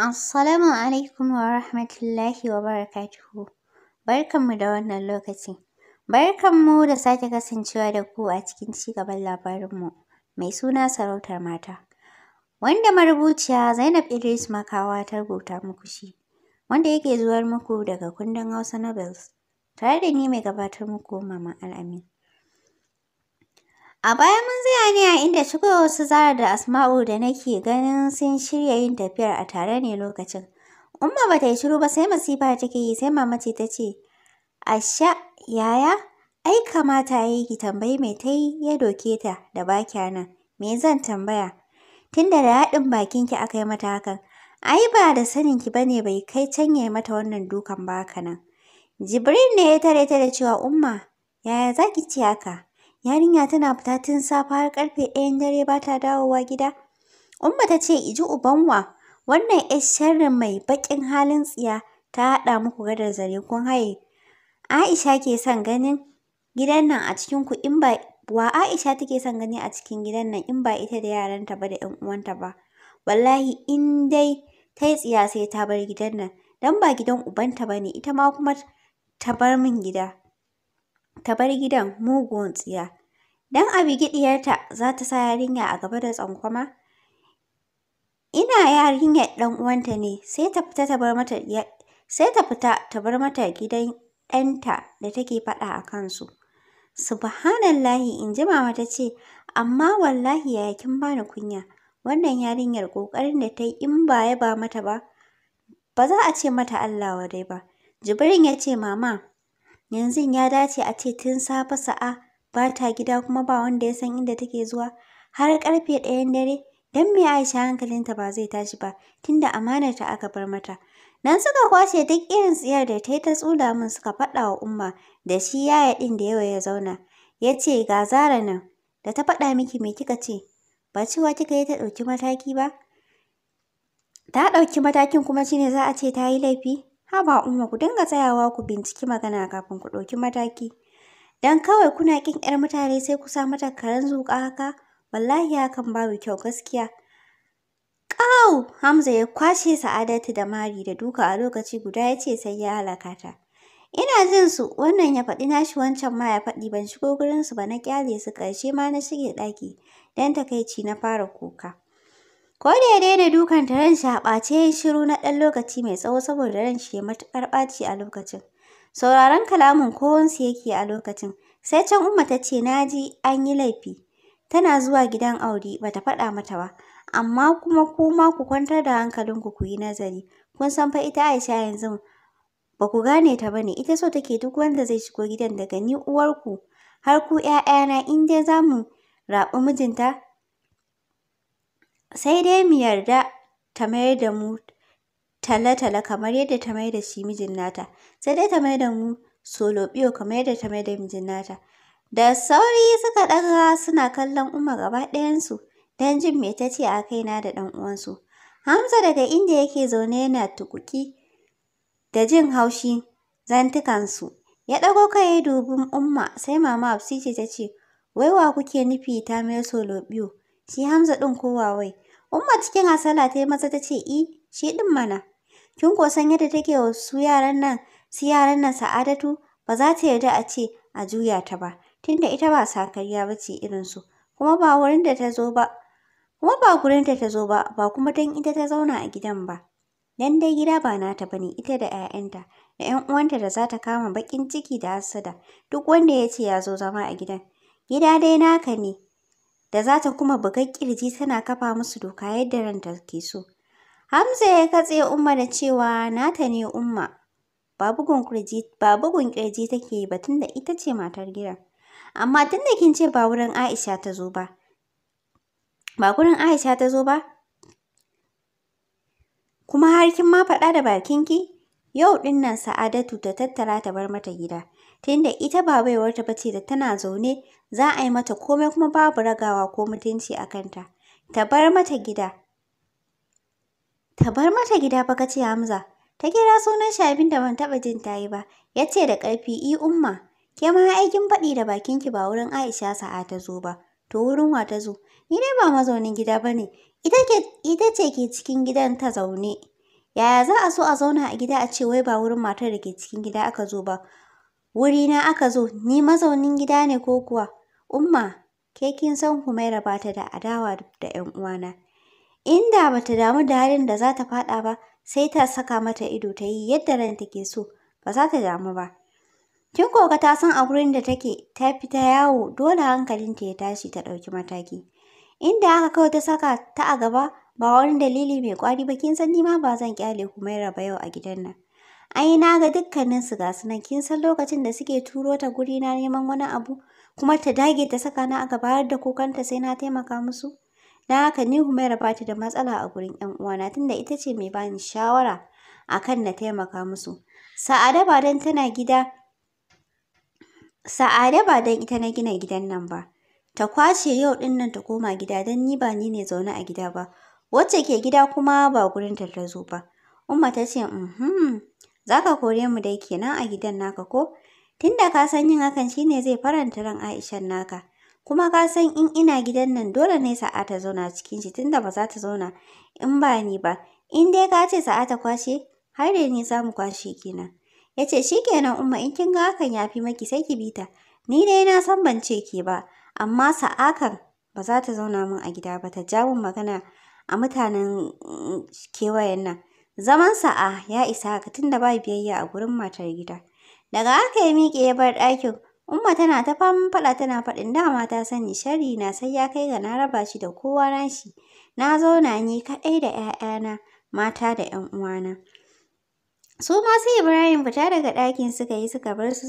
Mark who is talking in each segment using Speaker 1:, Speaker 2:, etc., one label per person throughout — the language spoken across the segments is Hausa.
Speaker 1: Assalamu alaikum wa rahmatullahi wa barakatuhu. Barkanmu da wannan lokaci. Barkanmu da sake kasancewa da ku a cikin ci cigaban labarinmu mai suna sarautar mata. Wanda marubuciya Zainab Idris Makawa ta rubuta muku shi, wanda yake zuwar muku daga kundin Hausa Nobels, tare da ni mai gabatar muku Mama Al'amin. A baya mun tsaya ne a inda shigo wasu Zara da Asma'u da nake ganin sun shirya yin tafiyar a tare ne lokacin. Umma ba ta yi shiru ba sai masifa take yi sai mamaci ta ce, Asha, yaya, ai kamata ya yi ki tambayi mai ta yi ya doke ta da bakya nan, me zan tambaya? Tunda da haɗin ki aka yi mata hakan, ai ba da sanin ki ba ne bai kai can ya yi mata wannan dukan ba nan. Jibrin ne ya tare ta da cewa Umma, yaya za ki ce haka? Yarinya tana fita tun safe har karfe ɗayan dare ba ta dawowa gida. Umma ta ce, iji ubanwa, wannan ‘yar sharrin mai baƙin halin tsiya ta haɗa muku gadar zare kun haye. Aisha ke son ganin gidan nan a cikin ku in ba wa Aisha take son gani a cikin gidan nan in ba ita da yaranta ba da ‘yan uwanta ba. Wallahi in dai ta yi tsiya sai ta bar gidan nan, don ba gidan ubanta ba ne, ita ma kuma ta bar min gida. ta bar gidan mugun tsiya. Don a bigi za ta sa yarinya a gaba da tsankwama? Ina yarinyar ɗan uwanta ne sai ta fita ta bar mata sai ta fita ta bar mata gidan ɗanta da take faɗa a kansu. Subhanallahi in ji mama ta ce, amma wallahi yaya kin bani kunya, wannan yarinyar ƙoƙarin da ta yi in ba ya ba mata ba, ba za a ce mata Allah wadai ba. Jibrin ya ce mama, Yanzu ya dace a ce tun safe sa'a ba ta gida kuma ba wanda ya san inda take zuwa. Har karfe ɗayan dare, don me Aisha hankalinta ba zai tashi ba, tunda ta aka bar mata. Nan suka kwashe duk irin tsiyar da ta yi ta tsula min suka faɗa wa Umma da shi yaya ɗin da yawa ya zauna. Ya ce ga Zara nan, da ta faɗa miki me kika ce? Ba cewa kika yi ta ɗauki mataki ba? Ta ɗauki matakin kuma shine za a ce ta yi laifi? Haba Umma ku dinga tsayawa ku binciki magana kafin ku ɗauki mataki. Dan kawai kuna ƙin ƴar mutane sai ku sa mata karen zuƙa haka, wallahi hakan babu kyau gaskiya. Ƙau! Hamza ya kwashe Sa'adatu da Mari da duka a lokaci guda ya ce sai ya halaka ta. Ina jin su wannan ya faɗi nashi wancan ma ya faɗi ban shigo gurinsu ba na ƙyale su ƙarshe ma na shige ɗaki dan takaici na fara kuka. Ko da ya daina dukan ta ran shi a ɓace ya yi shiru na ɗan lokaci mai tsawo saboda ran shi ya matuƙar ɓaci a lokacin. Sauraron kalamin kowansu yake a lokacin. Sai can Umma ta ce na ji an yi laifi. Tana zuwa gidan Audi ba ta faɗa mata ba. Amma kuma kuma ku kwantar da hankalinku ku yi nazari. Kun san fa ita Aisha yanzu ba ku gane ta ba ne. Ita so take duk wanda zai shigo gidan daga ni uwarku har ku ‘ya'yana in dai za mu raɓi mijinta sai dai mu yarda ta mayar da mu tale-tale kamar yadda ta mayar da shi mijin nata, sai dai ta mayar da mu biyu kamar yadda ta mayar da mijin nata. Da sauri suka ɗaga suna kallon umar gaba ɗayansu don jin me ta ce a kaina da ɗan uwansu. Hamza daga inda yake zaune yana tukuki da jin haushi zantukansu. Ya ɗago kai ya dubi Umma sai Mama Hafsi ce ta ce, wai wa kuke nufi ta mayar biyu?" Shi Hamza ɗin kowa wai. Umma cikin hasala ta yi maza ta ce, I, shi ɗin mana. Kin ko san yadda take wa su yaran nan, su yaran nan Sa'adatu, ba za ta yarda a ce a juya ta ba, tunda ita ba sakarya ba ce irin su kuma ba wurin da ta zo ba, kuma ba gurin ta zo ba, ba kuma don ita ta zauna a gidan ba. Dan dai gida ba nata ba ne, ita da 'ya'yanta, da 'yan uwanta da za ta kama bakin ciki da hassada, duk wanda ya ce ya zo zama a gidan. Gida dai naka ne, da za ta kuma buga ƙirji tana kafa musu doka yadda ranta ke so. Hamza ya katse Umma da cewa nata ne Umma, ba bugun ƙirji take yi ba tunda ita ce matar gidan. Amma tunda kin ce ba wurin Aisha ta zo ba, ba wurin Aisha ta zo ba, kuma har kin ma faɗa da bakinki? Yau ɗin nan Sa'adatu ta tattara ta bar mata gida, tunda ita ba baiwarta ba ce da tana zaune Za a yi mata komai kuma babu ragawa ko mutunci a kanta. Ta bar mata gida. ba bar mata kace Hamza. Ta kira sunan shi abin da ban taɓa jin ta yi ba. Ya ce da ƙarfi i umma. Ke ma aikin faɗi da bakinki ba wurin Aisha sa'a ta zo ba. To wurin wa ta zo? Ni dai ba mazaunin gida ba ne. Ita ce ke cikin gidan ta zaune. Yaya za a so a zauna a gida a ce wai ba wurin matar da ke cikin gida aka zo ba? Wurina aka zo, ni mazaunin gida ne ko kuwa? Umma, ke kin san Humaira ba ta da adawa da 'yan uwana. Inda ba ta damu da halin da za ta faɗa ba, sai ta saka mata ido ta yi yadda ranta ke so, ba za ta damu ba. Kin koka ta san a gurin da take ta fita yawo dole hankalinta ya tashi ta ɗauki mataki. Inda aka kawai ta saka ta a gaba ba wani dalili mai ƙwari ba kin san nima ba zan kyale Humaira ba yau a gidan nan. Ai na ga dukkanin su ga nan kin san lokacin da suke turo ta guri neman wani abu kuma ta dage ta saka na aka bayar da kukanta sai na taimaka musu. Na haka ni Humaira ba ta da matsala a gurin 'yan uwana tunda ita ce mai bani shawara akan na taimaka musu. Sa'ada ba dan tana gida Sa'ada ba dan ita na gina gidan nan ba. Ta kwace yau din nan ta koma gida dan ni ba ni ne zaune a gida ba. Wacce ke gida kuma ba gurin ta ta zo ba. Umma ta ce, "Mhm, za kore mu dai kenan a gidan naka ko?" tinda ka san yin hakan shine zai faranta ran Aishan naka. Kuma ka san in ina gidan nan dole ne sa'a ta zauna cikin shi tunda ba za ta zauna in ba ni ba. In dai ka ce sa'a ta kwashe har da ni za mu kwashe kenan. yace shi kenan umma in kin ga hakan yafi maki sai ki bita Ni dai na san ban ce ke ba amma sa'akan ba za ta zauna min a gida ba ta jawo magana a mutanen mm, kewayen nan. Zaman sa'a ya isa haka tunda ba biyayya a gurin matar gida. Daga haka ya miƙe ya bar ɗakin. Umma tana ta faman faɗa tana faɗin dama ta sani shari na sai ya kai ga na raba shi da kowa nashi. Na zauna ni kaɗai da ‘ya'yana mata da ‘yan uwana. Su ma sai Ibrahim fita daga ɗakin suka yi suka bar su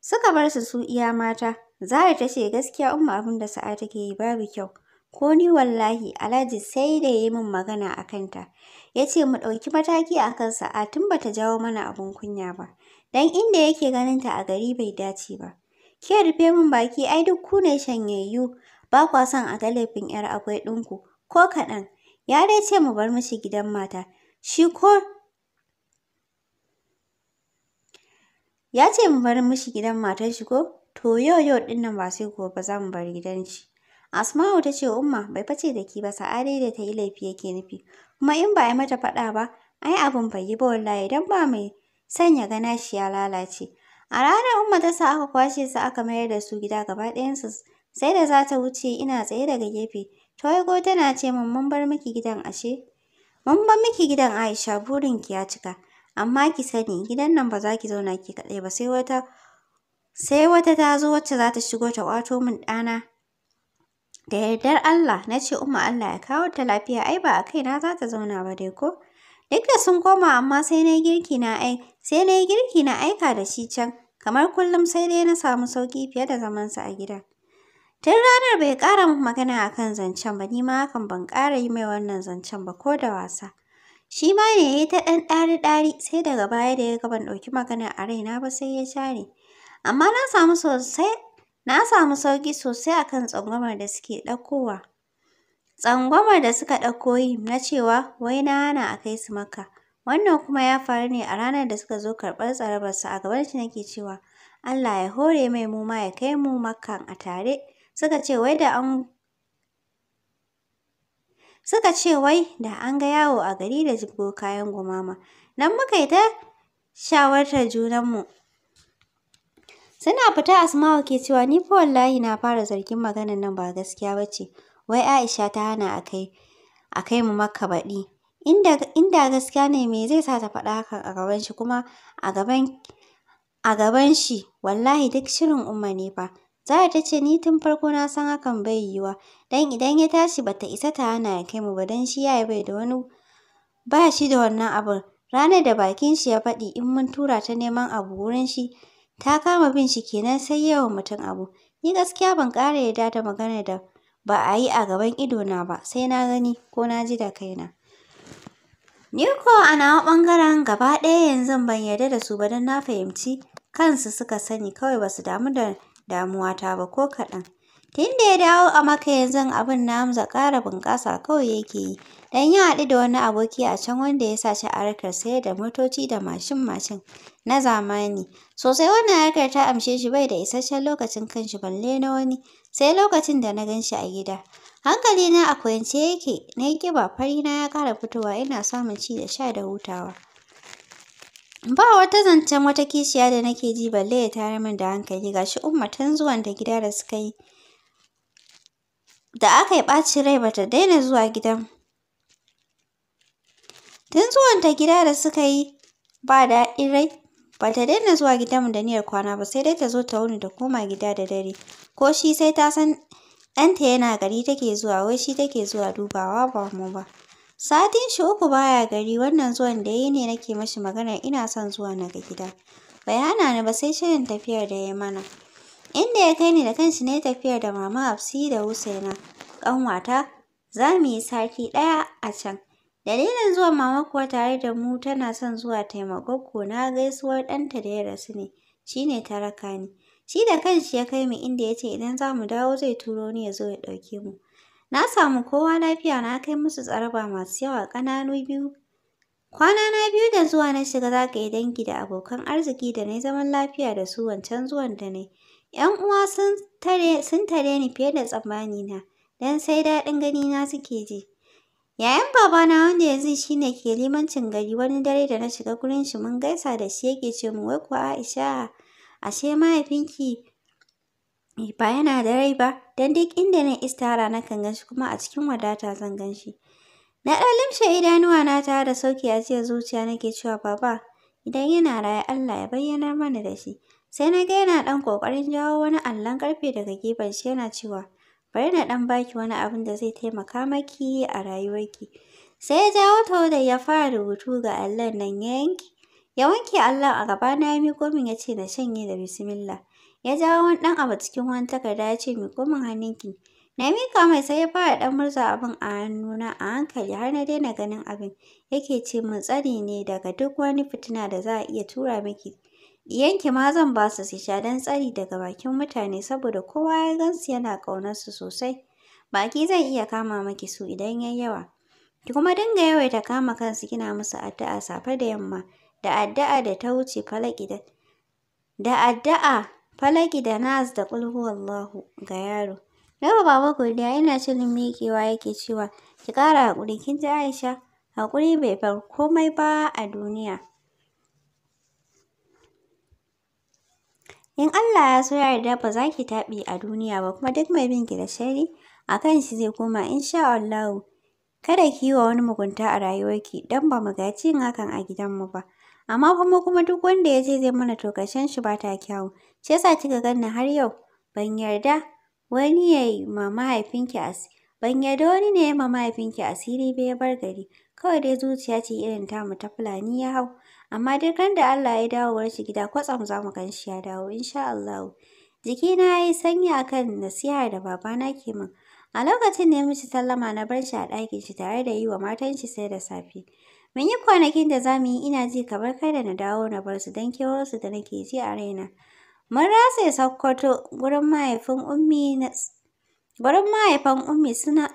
Speaker 1: suka bar su su iya mata. Zara ta ce gaskiya Umma abin da sa'a take yi babu kyau. Ko ni wallahi Alhaji sai da ya yi min magana a kanta. Ya ce mu ɗauki mataki a kan sa'a tun ba ta jawo mana abin kunya ba. don inda yake ganinta a gari bai dace ba. Ke rufe min baki ai duk ku ne shanyayyu, ba kwa son a ga laifin 'yar akwai ɗinku, ko kaɗan. Ya dai ce mu bar mishi gidan mata, shi ko Ya ce mu bar mishi gidan matar shi ko? To yau ɗin nan ba sai gobe za mu bar gidan shi. Asma'u ta ce Umma bai face da ki ba sa'adai da ta yi laifi yake nufi. Kuma in ba a yi mata faɗa ba, ai abin bai yi ba wallahi don ba mai sanya ya shi ya lalace. A ranar Umma ta sa aka kwashe su aka mayar da su gida gaba ɗayansu sai da za ta wuce ina tsaye daga gefe. Toygo tana ce min mun bar miki gidan ashe. Mun bar miki gidan Aisha burinki ya cika. Amma ki sani gidan nan ba za ki zauna ki kaɗai ba sai wata sai wata ta zo wacce za ta shigo ta ƙwato min ɗana. Da yardar Allah na ce Umma Allah ya kawo ta lafiya ai ba a kaina za ta zauna ba dai ko. Duk da sun koma amma sai na yi girki na ai sai na girki na aika da shi can kamar kullum sai dai na samu sauki fiye da zamansa a gida. Tun ranar bai ƙara min magana a kan zancen ba, ni ma hakan ban ƙara yi mai wannan zancen ba ko da wasa. Shi ma ne ya yi ta ɗan ɗari-ɗari sai daga baya da ya ga ban ɗauki magana a raina ba sai ya share. Amma na samu sosai na samu sauƙi sosai a kan tsangwamar da suke ɗaukowa. Tsangwamar da suka ɗauko yi na cewa wai na hana a kai su maka, Wannan kuma ya faru ne a ranar da suka zo karɓar tsarabarsa a gaban shi nake cewa Allah ya hore mai mu ma ya kai mu Makkan a tare. Suka ce wai da an ga yawo a gari da jibgo kayan gumama. Nan muka yi ta shawartar junanmu. Suna fita Asma'u ke cewa ni fa wallahi na fara zargin maganar nan ba gaskiya ba ce. wai Aisha ta hana a kai a kai mu Makka baɗi. Inda gaskiya ne me zai sa ta faɗa hakan a gaban shi kuma a gaban shi wallahi duk shirin Umma ne fa. Zara ta ce ni tun farko na san hakan bai yiwuwa Dan idan ya tashi bata isa ta hana ya kai mu ba dan shi yayi bai da wani ba shi da wannan abun. Ranar da bakin shi ya faɗi in mun tura ta neman abu wurin shi ta kama bin shi kenan sai yawan mutum abu. Ni gaskiya ban ƙara yarda da magana da ba a yi a gaban idona ba sai na gani ko na ji da kaina. Ni ko a nawa ɓangaren gaba ɗaya yanzu ban yarda da su ba don na fahimci kansu suka sani kawai ba su damu da damuwata ba ko kaɗan. Tun da ya dawo a maka yanzu abin na amsa ƙara bunƙasa kawai yake yi. Dan ya haɗu da wani aboki a can wanda ya sa shi a harkar sayar da motoci da mashin-mashin na zamani. Sosai wannan harkar ta amshe shi bai da isasshen lokacin kanshi balle na wani. sai lokacin da na gan shi a gida. hankali na a kwance yake, na yi ƙiba farina ya ƙara fitowa ina samun ci da sha da hutawa. Ba wata zancen wata kishiya da nake ji balle ya tare min da hankali ga shi ummatan zuwan da gida da suka yi. Da aka yi ɓaci rai bata daina zuwa gidan. Tun zuwan ta gida da suka yi ba rai, bata daina zuwa gidanmu da niyar kwana ba sai dai ta zo ta wuni da koma gida da dare. ko shi sai ta san ɗanta yana gari take zuwa wai shi take zuwa dubawa ba mu ba. Satin shi uku baya gari wannan zuwan da yi ne nake mashi magana ina son zuwa na ga gida. Bayana hana ni ba sai shirin tafiyar da ya mana. Inda ya kai ni da kanshi ne tafiyar da mama Hafsi da Husaina ƙanwata za mu yi sati ɗaya a can. Dalilin zuwan mama kuwa tare da mu tana son zuwa taimakon na gaisuwar ɗanta da ya rasu ne, shi ne ta raka ni. Shi da kanshi ya kai mu inda ya ce idan za mu dawo zai turo ni ya zo ya ɗauke mu. Na samu kowa lafiya na kai musu tsaraba masu yawa ƙananu biyu. Kwana na biyu da zuwa na shiga za ka yi dangi da abokan arziki da na zaman lafiya da su wancan zuwan da na ‘Yan uwa sun tare, ni fiye da tsammani na, don sai daɗin gani na suke ji. Yayan babana wanda yanzu shi ne ke limancin gari wani dare da na shiga gurin shi mun gaisa da shi yake ce mu wai kuwa Aisha ashe mahaifinki ba yana da rai ba don duk inda na istara na kan ganshi kuma a cikin wadata zan ganshi na ɗan limshe idanuwa na ta da sauki a jiya zuciya nake cewa baba idan yana raye Allah ya bayyana mana da shi sai na ga yana ɗan ƙoƙarin jawo wani allon ƙarfe daga gefen shi yana cewa bari na ɗan baki wani abin da zai taimaka maki a rayuwarki sai ya jawo ta ya fara rubutu ga allon nan yanki Ya wanke Allah a gaba na ya miko min ya ce na shanye da bismillah. Ya jawo wani ɗan abu cikin wani takarda ya ce "mi min hannunki. Na miƙa mai sai ya fara ɗan murza abin a hannuna a hankali har na daina ganin abin. Yake ce mun tsari ne daga duk wani fitina da za a iya tura miki. Yanki ma zan ba su su sha dan tsari daga bakin mutane saboda kowa ya gansu yana su sosai. Baki zan iya kama maki su idan yayi yawa. Ki kuma dinga yawaita kama kansu kina musu addu'a safe da yamma. da addu'a da ta wuce falaki da da addu'a falaki da nas da huwallahu ga yaro Yau baba godiya ina shirin mikewa yake cewa ki kara hakuri kin ji Aisha hakuri bai bar komai ba a duniya in Allah ya so ya yarda ba za ki taɓi a duniya ba kuma duk mai bin ki da shari a kan shi zai koma insha Allah kada ki yi wa wani mugunta a rayuwarki don ba mu ga cin hakan a gidanmu ba amma kuma kuma duk wanda ya je zai mana tokashen shi ba ta kyawu shi yasa kika ganni har yau ban yarda wani ya yi ma mahaifinki asiri ban yarda wani ne ya ma mahaifinki asiri ba ya bar gari kawai dai zuciya ce irin ta mu ta fulani ya hau amma duk da Allah ya dawowar shi gida kwatsam za mu ganshi ya dawo insha Allah jikina ya yi sanyi kan nasiha da babana ke min a lokacin ne mishi sallama na bar shi a ɗakin shi tare da yi wa matan shi sai da safe Mun yi kwanakin da za mu yi ina ji kamar da na dawo na bar su don su da nake ji a raina. Mun ratse Sokoto gurin mahaifin Ummi na gurin mahaifan Ummi suna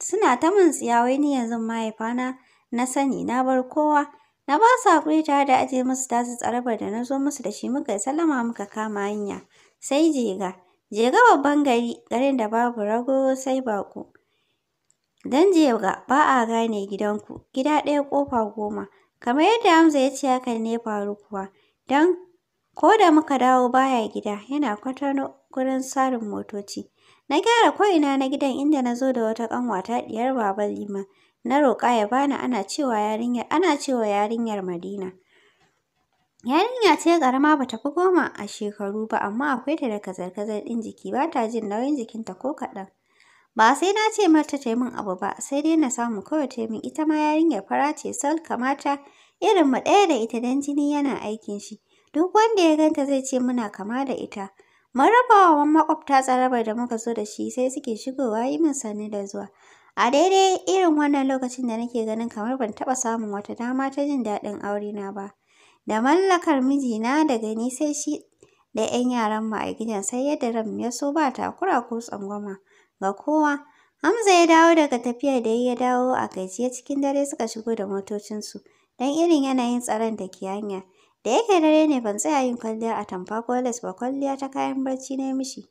Speaker 1: suna ta min wai ni yanzu mahaifana na sani na bar kowa. Na ba su haƙuri tare da ajiye musu tasu tsarabar da na zo musu da shi muka yi sallama muka kama hanya. Sai jega. Jega babban gari, garin da babu rago sai baƙo. Don jega ba a gane gidanku, gida ɗaya ƙofa goma. Kamar yadda Hamza ya ce hakan ne faru kuwa, don ko da muka dawo baya gida, yana Kwatano gurin sarin motoci. Na gyara ko'ina na gidan inda na zo da wata ƙanwata ɗiyar Baba Liman. Na roƙa ya bani ana cewa yarinyar ana cewa yarinyar Madina. Yarinya ce ƙarama ba fi goma a shekaru ba amma akwai ta da kazar-kazar ɗin jiki bata jin nauyin jikinta ko kaɗan. Ba sai na ce mata ta min abu ba, sai dai na samu kawai ta min ita ma yarinyar fara ce sol kamata irin mu ɗaya da ita dan jini yana aikin shi. Duk wanda ya ganta zai ce muna kama da ita. Mun raba wa wani makwabta tsarabar da muka so da shi sai suke shigowa yi min sanni da zuwa. A daidai irin wannan lokacin da nake ganin kamar ban taɓa samun wata dama ta jin daɗin aure na ba. Da mallakar mijina daga ni sai shi da 'yan yaran mu a gidan sai yadda ran ya so ba takura ko tsangwama. ga kowa. Hamza ya dawo daga tafiyar da ya dawo a gajiya cikin dare suka shigo da motocinsu don irin yanayin tsaron da ke hanya. Da yake dare ne ban tsaya yin kwalliya a tamfa ko ba kwalliya ta kayan barci na mishi.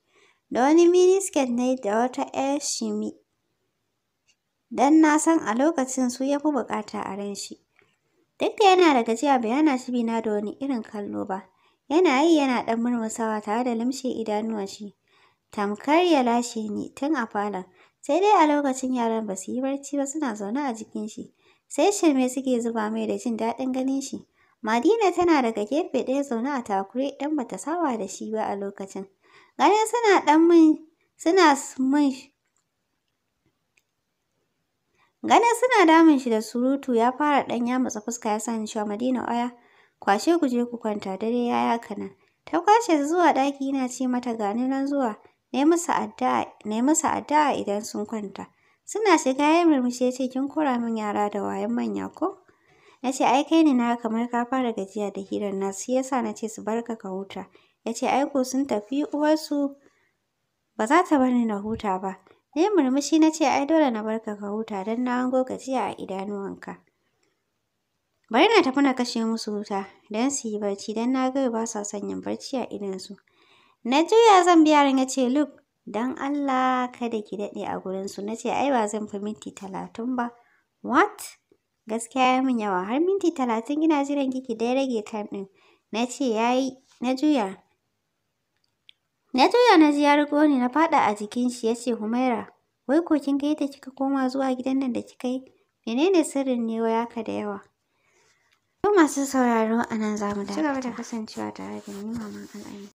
Speaker 1: Da wani minisket na da wata 'yar shimi. Don na san a lokacin su ya fi buƙata a ran shi. Duk da yana da gajiya bai hana shi na da wani irin kallo ba. Yana yi yana ɗan murmusawa tare da limshe idanuwan shi. tamkar ya lashe ni tun a falon sai dai a lokacin yaran ba su yi barci ba suna zaune a jikin shi sai shirme suke zuba mai da jin daɗin ganin shi madina tana daga gefe ɗaya zaune a takure dan bata saba da shi ba a lokacin ganin suna ɗan min suna min ganin suna damun shi da surutu ya fara ɗan ya matsa fuska ya sani cewa madina oya kwashe ku je ku kwanta dare ya yaka na. ta kwashe zuwa ɗaki yana ce mata gani nan zuwa na yi masa addu'a idan sun kwanta. Suna shiga ya murmushi ya ce kin kora min yara da wayan manya ko? Na ce ai kai ne na kamar ka fara gajiya da hirar na shi yasa na ce su barka ka huta. Ya ce ai ko sun tafi uwarsu ba za ta bar ni na huta ba. Na yi murmushi na ce ai dole na barka ka huta don na hango gajiya a idanuwanka. Bari na tafi na kashe musu wuta don su yi barci don na ga ba sa son yin barci a idansu. Na juya zan biya yaran yace ce, Look, don Allah kada ki daɗe a gurinsu. Na ce, ai ba zan fi minti talatin ba. What? Gaskiya ya min yawa, har minti talatin ina jiran kiki dai rage time din. Na ce, ya yi, na juya. Na juya na ji ya rigo ni na fada a jikin shi ya ce, Humaira, wai ko kin ta kika koma zuwa gidan nan da kika yi? Menene sirrin ne wa yaka da yawa? Yau masu sauraro a nan za mu dawo. Ci gaba da kasancewa tare da ni, Maman Al'ayi.